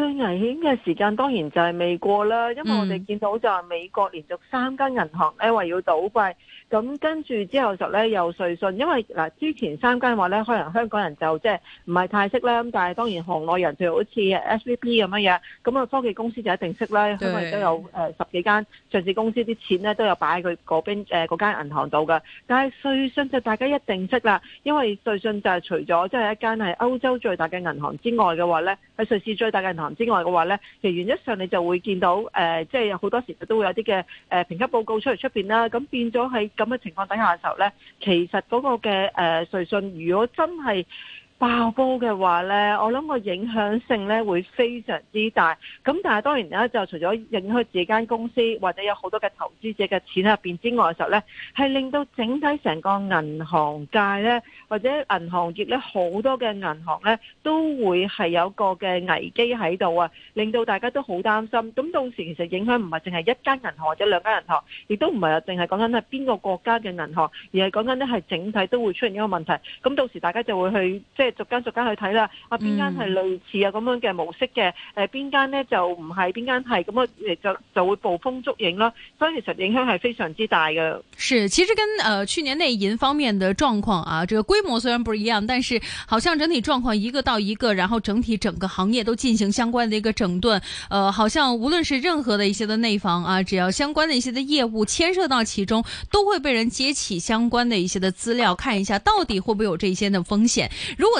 最危險嘅時間當然就係未過啦，因為我哋見到就話美國連續三間銀行咧話要倒閉，咁、嗯、跟住之後就咧又瑞信，因為嗱之前三間話咧可能香港人就即係唔係太識啦，咁但係當然行內人就好似 SVP 咁樣樣，咁啊科技公司就一定識啦，因為都有誒十幾間上市公司啲錢咧都有擺喺佢嗰邊誒嗰間銀行度㗎，但係瑞信就大家一定識啦，因為瑞信就係除咗即係一間係歐洲最大嘅銀行之外嘅話咧，喺瑞士最大嘅銀行。之外嘅話咧，其實原則上你就會見到，誒，即係有好多時都會有啲嘅誒評級報告出嚟出邊啦。咁變咗喺咁嘅情況底下嘅時候咧，其實嗰個嘅誒瑞信，如果真係爆煲嘅話呢，我諗個影響性呢會非常之大。咁但係當然啦，就除咗影響自己間公司或者有好多嘅投資者嘅錢入邊之外嘅時候呢，係令到整體成個銀行界呢，或者銀行業呢，好多嘅銀行呢都會係有個嘅危機喺度啊！令到大家都好擔心。咁到時其實影響唔係淨係一間銀行或者兩間銀行，亦都唔係淨係講緊係邊個國家嘅銀行，而係講緊呢係整體都會出現一個問題。咁到時大家就會去即係。逐間逐間去睇啦，啊邊間係類似啊咁樣嘅模式嘅，誒邊間呢，就唔係，邊間係咁樣就，就就會捕風捉影咯。所以其實影響係非常之大嘅。是，其實跟誒、呃、去年內銀方面的狀況啊，這個規模雖然不一樣，但是好像整體狀況一個到一個，然後整體整個行業都進行相關嘅一個整頓。誒、呃，好像無論是任何的一些的內房啊，只要相關的一些的業務牽涉到其中，都會被人揭起相關的一些的資料，看一下到底會不會有這些的風險。如果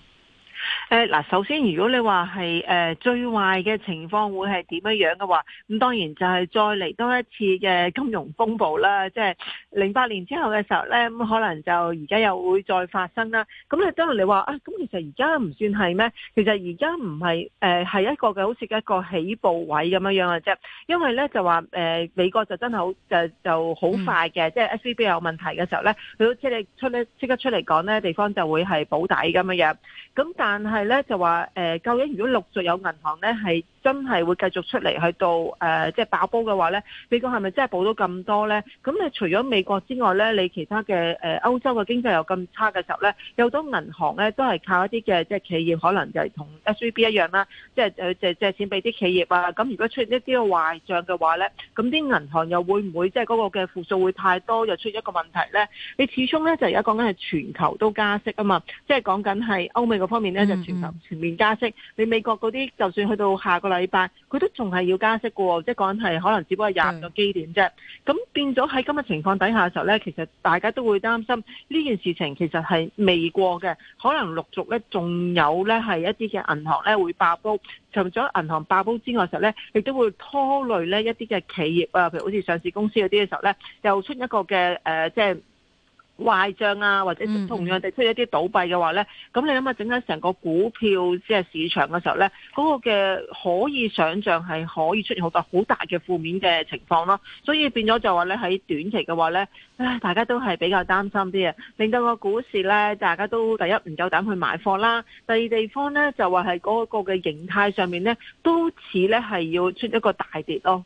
誒嗱，首先如果你話係誒最壞嘅情況會係點樣樣嘅話，咁當然就係再嚟多一次嘅金融風暴啦，即係零八年之後嘅時候咧，咁可能就而家又會再發生啦。咁你當然你話啊，咁其實而家唔算係咩？其實而家唔係誒係一個嘅好似一個起步位咁樣樣嘅啫，因為咧就話誒、呃、美國就真係好就就好快嘅，嗯、即係 SVB 有問題嘅時候咧，佢都即係出咧即刻出嚟講咧，地方就會係保底咁樣樣。咁但係，係咧，就話誒，究竟如果陸續有銀行咧，係。真係會繼續出嚟去到誒、呃，即係爆煲嘅話呢，美國係咪真係補到咁多呢？咁你除咗美國之外呢，你其他嘅誒、呃、歐洲嘅經濟又咁差嘅時候呢，有好多銀行呢都係靠一啲嘅即係企業，可能就係同 SVB 一樣啦，即係借借錢俾啲企業啊。咁如果出現一啲嘅壞帳嘅話呢，咁啲銀行又會唔會即係嗰個嘅負數會太多，又出現一個問題呢，你始終呢就而家講緊係全球都加息啊嘛，即係講緊係歐美嗰方面呢，就全球全面加息。嗯嗯你美國嗰啲就算去到下個禮拜佢都仲係要加息嘅喎，即係講係可能只不過係廿個基點啫。咁、嗯、變咗喺今日情況底下嘅時候咧，其實大家都會擔心呢件事情其實係未過嘅，可能陸續咧仲有咧係一啲嘅銀行咧會爆煲。除咗銀行爆煲之外嘅時候咧，亦都會拖累咧一啲嘅企業啊，譬如好似上市公司嗰啲嘅時候咧，又出一個嘅誒、呃，即係。壞賬啊，或者同樣地出現一啲倒閉嘅話呢，咁、嗯嗯、你諗下整緊成個股票即係市場嘅時候呢，嗰、個嘅可以想象係可以出現好多好大嘅負面嘅情況咯。所以變咗就話呢，喺短期嘅話呢，唉，大家都係比較擔心啲啊，令到個股市呢，大家都第一唔夠膽去買貨啦，第二地方呢，就話係嗰個嘅形態上面呢，都似呢係要出一個大跌咯。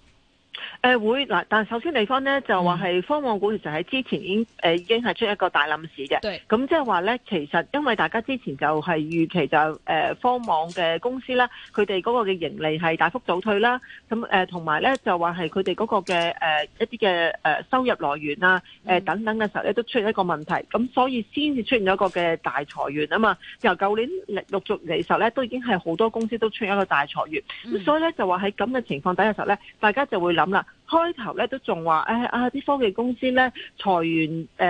誒、呃、會嗱，但係首先地方咧，就話係科網股其實喺之前已經誒、呃、已經係出一個大冧市嘅，咁即係話咧，其實因為大家之前就係預期就誒、是、科、呃、網嘅公司啦，佢哋嗰個嘅盈利係大幅倒退啦，咁誒同埋咧就話係佢哋嗰個嘅誒、呃、一啲嘅誒收入來源啊，誒、呃、等等嘅時候咧都出現一個問題，咁所以先至出現咗一個嘅大裁員啊嘛。由舊年陸續嚟時候咧，都已經係好多公司都出現一個大裁員，咁、嗯、所以咧就話喺咁嘅情況底下時候咧，大家就會諗啦。開頭咧都仲話、哎，啊啲科技公司咧裁員誒、呃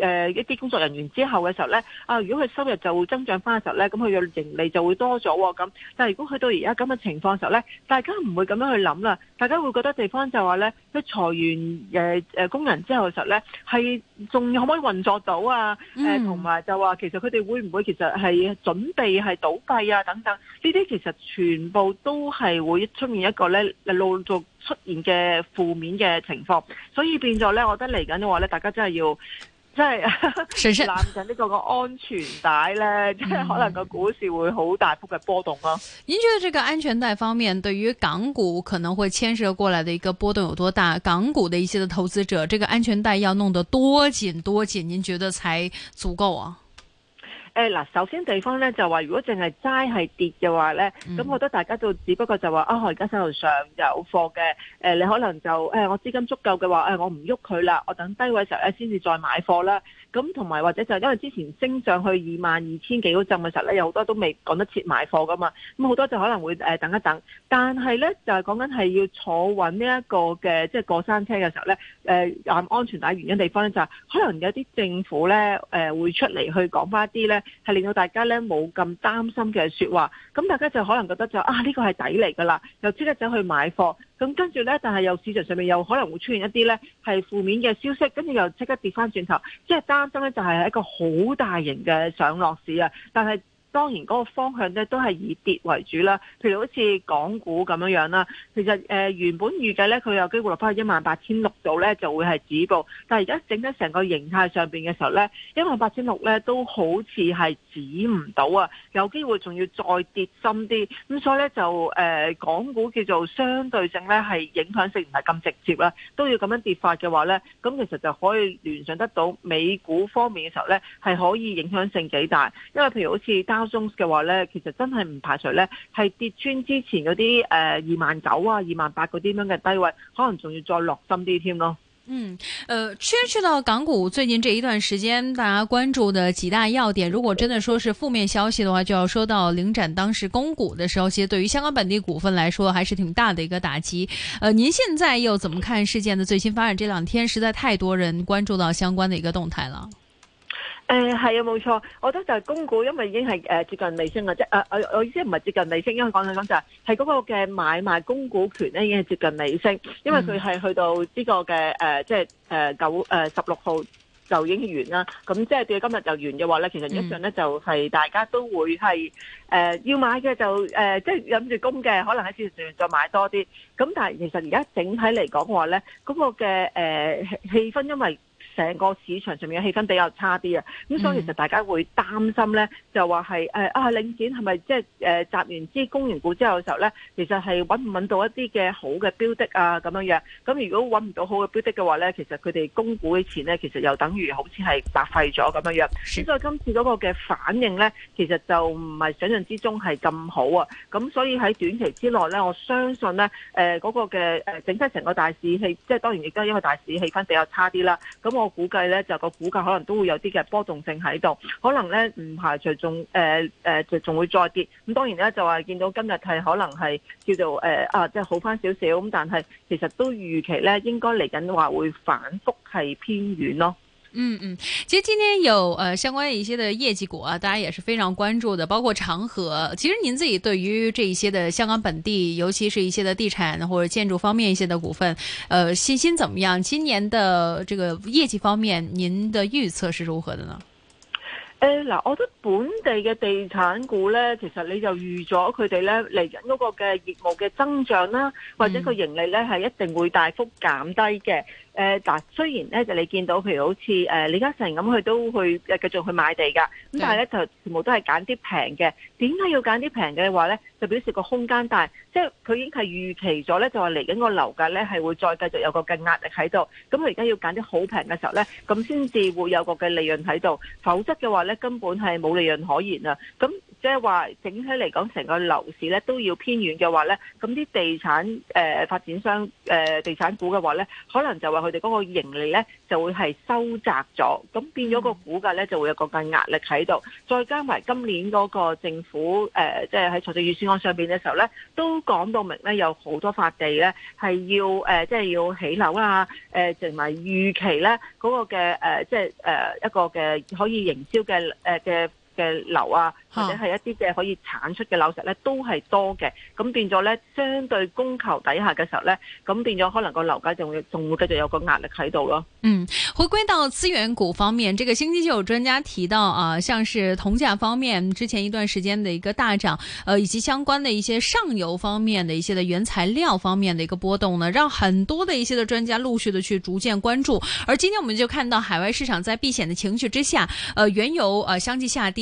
呃、一啲工作人員之後嘅時候咧，啊如果佢收入就會增長翻嘅時候咧，咁佢嘅盈利就會多咗喎咁。但係如果去到而家咁嘅情況嘅時候咧，大家唔會咁樣去諗啦，大家會覺得地方就話咧，佢裁員、呃、工人之後嘅時候咧，係仲可唔可以運作到啊？同埋、嗯、就話其實佢哋會唔會其實係準備係倒閉啊等等呢啲其實全部都係會出現一個咧露作。出現嘅負面嘅情況，所以變咗咧，我覺得嚟緊嘅話咧，大家真係要即係攬緊呢個、啊嗯、個安全帶咧，即係可能個股市會好大幅嘅波動咯。您覺得呢個安全帶方面，對於港股可能會牽涉過來的一個波動有多大？港股的一些的投資者，這個安全帶要弄得多緊多緊？您覺得才足夠啊？嗱，首先地方咧就話，如果淨係齋係跌嘅話咧，咁我覺得大家都只不過就話啊，我而家手頭上有貨嘅、呃，你可能就、呃、我資金足夠嘅話，呃、我唔喐佢啦，我等低位時候咧先至再買貨啦。咁同埋或者就因為之前升上去二萬二千幾嗰陣嘅時候咧，有好多都未趕得切買貨噶嘛，咁、嗯、好多就可能會、呃、等一等。但係咧就係講緊係要坐穩呢一個嘅即係過山車嘅時候咧，誒、呃、安全帶原因地方咧就係、是、可能有啲政府咧誒、呃、會出嚟去講翻一啲咧，係令到大家咧冇咁擔心嘅說話，咁大家就可能覺得就，啊呢個係底嚟噶啦，又即刻走去買貨，咁跟住呢，但係又市場上面又可能會出現一啲呢係負面嘅消息，跟住又即刻跌翻轉頭，即係擔心呢就係一個好大型嘅上落市啊，但係。當然嗰個方向咧都係以跌為主啦，譬如好似港股咁樣啦。其實誒、呃、原本預計咧佢有機會落翻去一萬八千六度咧就會係止步，但係而家整得成個形態上面嘅時候咧，一萬八千六咧都好似係止唔到啊，有機會仲要再跌深啲。咁所以咧就誒、呃、港股叫做相對性咧係影響性唔係咁直接啦，都要咁樣跌法嘅話咧，咁其實就可以聯想得到美股方面嘅時候咧係可以影響性幾大，因為譬如好似嘅話呢，其實真係唔排除呢係跌穿之前嗰啲誒二萬九啊、二萬八嗰啲咁樣嘅低位，可能仲要再落深啲添咯。嗯，呃，去到港股最近這一段時間，大家關注的幾大要點，如果真的說是負面消息的話，就要說到領展當時供股的時候，其實對於香港本地股份來說，還是挺大的一個打擊。呃，您現在又怎麼看事件的最新發展？這兩天實在太多人關注到相關的一個動態了。誒，係、嗯、啊，冇錯，我覺得就係供股，因為已經係誒、呃、接近尾聲啦，即誒，我、呃、我意思唔係接近尾聲，因為講嚟講就係係嗰個嘅買賣供股權咧，已經係接近尾聲，因為佢係去到呢個嘅誒、呃，即係誒、呃、九誒、呃、十六號就已經完啦，咁、嗯嗯、即係對今日就完嘅話咧，其實一陣咧就係大家都會係誒、呃、要買嘅就誒即係忍住供嘅，可能喺市場上再買多啲，咁但係其實而家整體嚟講嘅話咧，嗰個嘅誒氣氛因為，成個市場上面嘅氣氛比較差啲啊，咁、嗯、所以其實大家會擔心咧，就話係誒啊領展係咪即係誒集完資供完股之後嘅時候咧，其實係揾唔揾到一啲嘅好嘅標的啊咁樣樣。咁如果揾唔到好嘅標的嘅話咧，其實佢哋供股嘅錢咧，其實又等於好似係白費咗咁樣樣。咁是所以今次嗰個嘅反應咧，其實就唔係想象之中係咁好啊。咁所以喺短期之內咧，我相信咧誒嗰個嘅誒整體成個大市氣，即係當然亦都係因為大市氣氛比較差啲啦。咁我估計咧，就個股價可能都會有啲嘅波動性喺度，可能咧唔排除仲誒誒，仲、呃、仲、呃、會再跌。咁當然咧，就話見到今日係可能係叫做誒、呃、啊，即、就、係、是、好翻少少咁，但係其實都預期咧，應該嚟緊話會反覆係偏軟咯。嗯嗯，其實今天有呃，相關一些的業績股啊，大家也是非常關注的，包括長和。其實您自己對於這一些的香港本地，尤其是一些的地產或者建築方面一些的股份，呃，信心怎麼樣？今年的這個業績方面，您的預測是如何的呢？誒，嗱，我覺得本地嘅地產股呢，其實你就預咗佢哋呢嚟緊嗰個嘅業務嘅增長啦，嗯、或者個盈利呢係一定會大幅減低嘅。誒，嗱、呃，雖然咧就你見到，譬如好似誒李嘉誠咁，佢都去繼續去買地㗎，咁的但係咧就全部都係揀啲平嘅。點解要揀啲平嘅話咧？就表示個空間大，即係佢已經係預期咗咧，就話嚟緊個樓價咧係會再繼續有個嘅壓力喺度。咁佢而家要揀啲好平嘅時候咧，咁先至會有個嘅利潤喺度，否則嘅話咧根本係冇利潤可言啊。咁即係話整體嚟講，成個樓市咧都要偏遠嘅話咧，咁啲地產誒發展商誒地產股嘅話咧，可能就話佢哋嗰個盈利咧就會係收窄咗，咁變咗個股價咧就會有個更壓力喺度。再加埋今年嗰個政府誒，即係喺財政預算案上面嘅時候咧，都講到明咧有好多幅地咧係要誒，即係要起樓啊誒，同埋預期咧嗰個嘅誒，即係誒一個嘅可以營銷嘅誒嘅。嘅樓啊，或者係一啲嘅可以產出嘅樓石呢，好都係多嘅，咁變咗呢，相對供求底下嘅時候呢，咁變咗可能個樓價仲仲會繼續有個壓力喺度咯。嗯，回歸到資源股方面，這個星期就有專家提到啊，呃，像是銅價方面之前一段時間嘅一個大漲，呃，以及相關的一些上游方面的一些的原材料方面嘅一個波動呢，讓很多的一些的專家陸續的去逐漸關注。而今天我們就看到海外市場在避險的情緒之下，呃，原油呃，相繼下跌。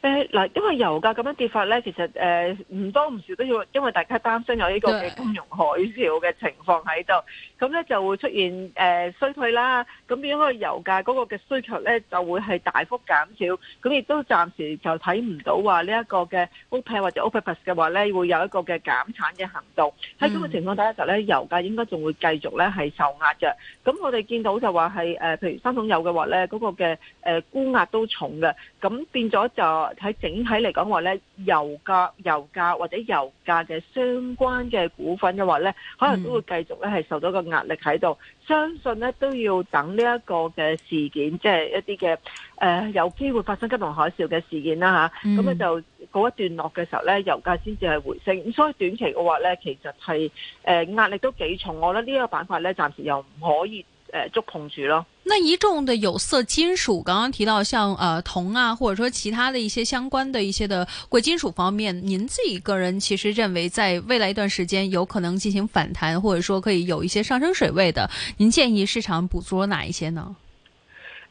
誒、嗱、呃，因為油價咁樣跌法咧，其實誒唔、呃、多唔少都要，因為大家擔心有呢個嘅金融海嘯嘅情況喺度，咁咧就會出現誒、呃、衰退啦，咁變咗個油價嗰個嘅需求咧就會係大幅減少，咁亦都暫時就睇唔到這個或者的話呢一個嘅 OPEC 或者 OPEC 嘅話咧會有一個嘅減產嘅行動，喺咁嘅情況底下就咧，油價應該仲會繼續咧係受壓嘅，咁我哋見到就話係誒，譬如三桶油嘅話咧，嗰、那個嘅誒、呃、沽壓都重嘅，咁變咗就。喺整體嚟講話咧，油價、油價或者油價嘅相關嘅股份嘅話咧，可能都會繼續咧係受到個壓力喺度。嗯、相信咧都要等呢一個嘅事件，即係一啲嘅誒有機會發生金融海嘯嘅事件啦吓。咁咧、嗯、就嗰一段落嘅時候咧，油價先至係回升。咁所以短期嘅話咧，其實係誒、呃、壓力都幾重的。我覺得呢一個板塊咧，暫時又唔可以。誒，捉碰住咯！那一眾的有色金屬，剛剛提到像誒、呃、銅啊，或者說其他的一些相關的一些的貴金屬方面，您自己個人其實認為在未來一段時間有可能進行反彈，或者說可以有一些上升水位的，您建議市場捕捉哪一些呢？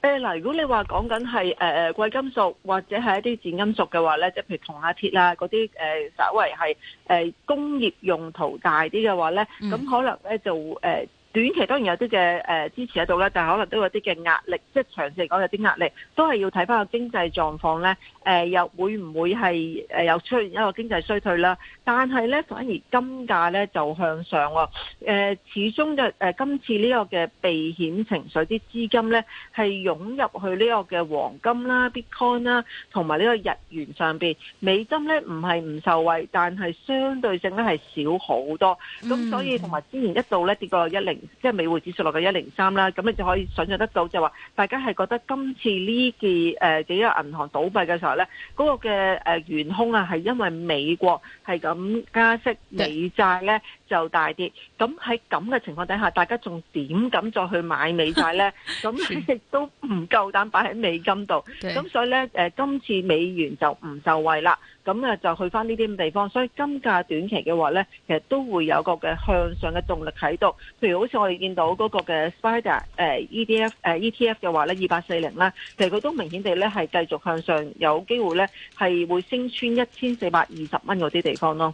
誒嗱、呃呃，如果你話講緊係誒貴金屬或者係一啲賤金屬嘅話咧，即譬如銅啊鐵啦、鐵啊嗰啲，誒、呃、稍微係誒、呃、工業用途大啲嘅話咧，咁、嗯、可能咧就誒。呃短期當然有啲嘅誒支持喺度啦，但係可能都有啲嘅壓力，即係長線嚟講有啲壓力，都係要睇返個經濟狀況咧。誒又會唔會係誒又出現一個經濟衰退啦？但係咧反而金價咧就向上喎、呃。始終就誒、呃、今次呢個嘅避險情緒啲資金咧係湧入去呢個嘅黃金啦、Bitcoin 啦同埋呢個日元上面。美金咧唔係唔受惠，但係相對性咧係少好多。咁所以同埋、嗯、之前一度咧跌過一零，即係美匯指數落嘅一零三啦。咁你就可以想象得到就話，大家係覺得今次呢件誒幾個銀行倒閉嘅時候。咧嗰個嘅誒元凶啊，係因為美國係咁加息美債咧。就大跌，咁喺咁嘅情況底下，大家仲點敢再去買美債呢？咁亦 都唔夠膽擺喺美金度，咁 所以呢、呃，今次美元就唔受惠啦。咁、嗯、就去翻呢啲地方，所以金價短期嘅話呢，其實都會有個嘅向上嘅動力喺度。譬如好似我哋見到嗰個嘅 Spider、呃、ETF、呃、ETF 嘅話呢，二八四零咧，其實佢都明顯地呢係繼續向上，有機會呢係會升穿一千四百二十蚊嗰啲地方咯。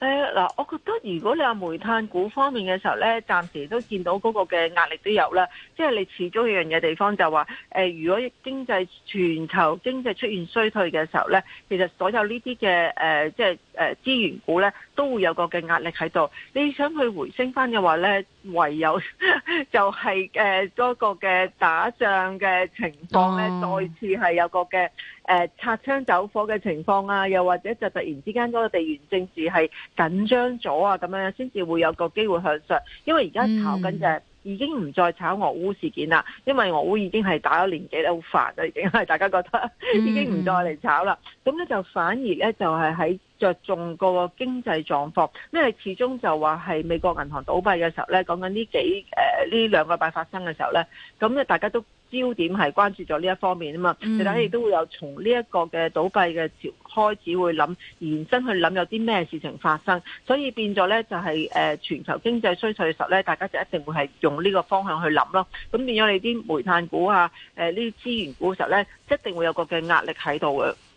嗱、呃，我覺得如果你話煤炭股方面嘅時候咧，暫時都見到嗰個嘅壓力都有啦。即係你始終有樣嘢地方就話、呃，如果經濟全球經濟出現衰退嘅時候咧，其實所有呢啲嘅誒即係誒資源股咧都會有個嘅壓力喺度。你想去回升翻嘅話咧，唯有 就係、是、誒、呃、嗰個嘅打仗嘅情況咧，再次係有個嘅。誒、擦、呃、槍走火嘅情況啊，又或者就突然之間嗰個地緣政治係緊張咗啊，咁樣先至會有個機會向上。因為而家炒緊就係已經唔再炒俄烏事件啦，因為俄烏已經係打咗年幾啦，好煩啦，已經係大家覺得已經唔再嚟炒啦。咁咧、嗯、就反而咧就係、是、喺着重個經濟狀況，因為始終就話係美國銀行倒閉嘅時候咧，講緊呢幾誒呢、呃、兩個拜發生嘅時候咧，咁咧大家都。焦點係關注咗呢一方面啊嘛，其他亦都會有從呢一個嘅倒閉嘅潮，開始會諗延伸去諗有啲咩事情發生，所以變咗呢，就係誒全球經濟衰退嘅時候呢，大家就一定會係用呢個方向去諗咯，咁變咗你啲煤炭股啊誒呢啲資源股嘅時候呢，一定會有一個嘅壓力喺度嘅。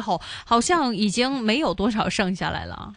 後好像已經沒有多少剩下來啦。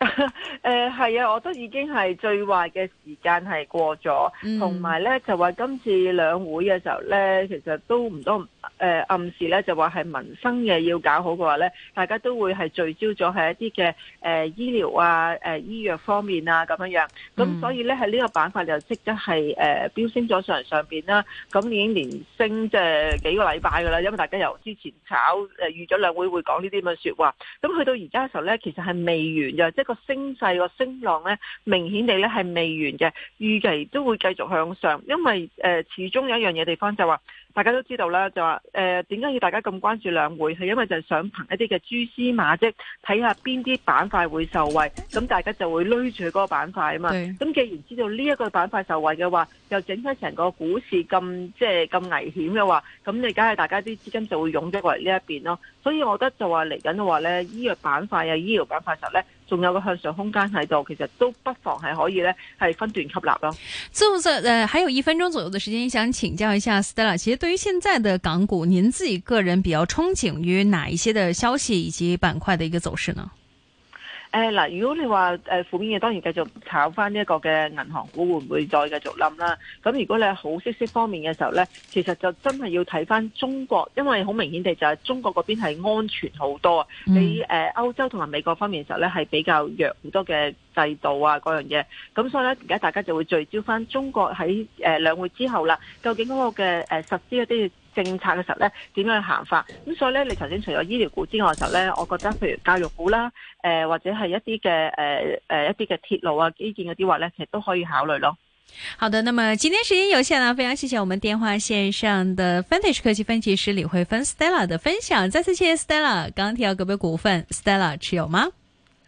誒、 呃，係啊，我都已經係最壞嘅時間係過咗，同埋呢就話今次兩會嘅時候呢，其實都唔多。誒、呃、暗示咧就話係民生嘅要搞好嘅話咧，大家都會係聚焦咗喺一啲嘅誒醫療啊、誒、呃、醫藥方面啊咁樣樣。咁所以咧喺呢、嗯、個板塊就即得係誒飆升咗上上邊啦。咁已經連升即係幾個禮拜噶啦，因為大家由之前炒誒預咗兩會會講呢啲咁嘅說話。咁去到而家嘅時候咧，其實係未完嘅，即、就、係、是、個升勢個升浪咧，明顯地咧係未完嘅，預期都會繼續向上，因為誒、呃、始終有一樣嘢地方就話。大家都知道啦，就話誒，點解要大家咁關注兩會？係因為就係想憑一啲嘅蛛絲馬跡，睇下邊啲板塊會受惠，咁大家就會累住嗰個板塊啊嘛。咁的既然知道呢一個板塊受惠嘅話，又整出成個股市咁即係咁危險嘅話，咁你梗係大家啲資金就會湧咗過嚟呢一邊咯。所以我覺得就話嚟緊嘅話呢，醫藥板塊啊，醫療板塊嘅時候呢仲有個向上空間喺度，其實都不妨係可以呢，係分段吸納咯。咁就呃，還有一分鐘左右嘅時間，想請教一下 Stella，其實對於現在嘅港股，您自己個人比較憧憬於哪一些嘅消息以及板塊嘅一個走勢呢？誒嗱，如果你話誒負面嘅，當然繼續炒翻呢一個嘅銀行股，會唔會再繼續冧啦？咁如果你係好息息方面嘅時候咧，其實就真係要睇翻中國，因為好明顯地就係中國嗰邊係安全好多。你誒歐洲同埋美國方面嘅時候咧，係比較弱好多嘅制度啊，嗰樣嘢。咁所以咧，而家大家就會聚焦翻中國喺誒兩會之後啦，究竟嗰個嘅誒實施嗰啲。政策嘅時候咧，點樣行法？咁所以咧，你頭先除咗醫療股之外嘅時候咧，我覺得譬如教育股啦，誒、呃、或者係一啲嘅誒誒一啲嘅鐵路啊基建嗰啲話咧，其實都可以考慮咯。好的，那麼今天時間有限啦，非常謝謝我們電話線上的 Fintech 科技分析師李慧芬 Stella 嘅分享，再次謝謝 Stella。剛剛提到嗰筆股份，Stella 持有嗎？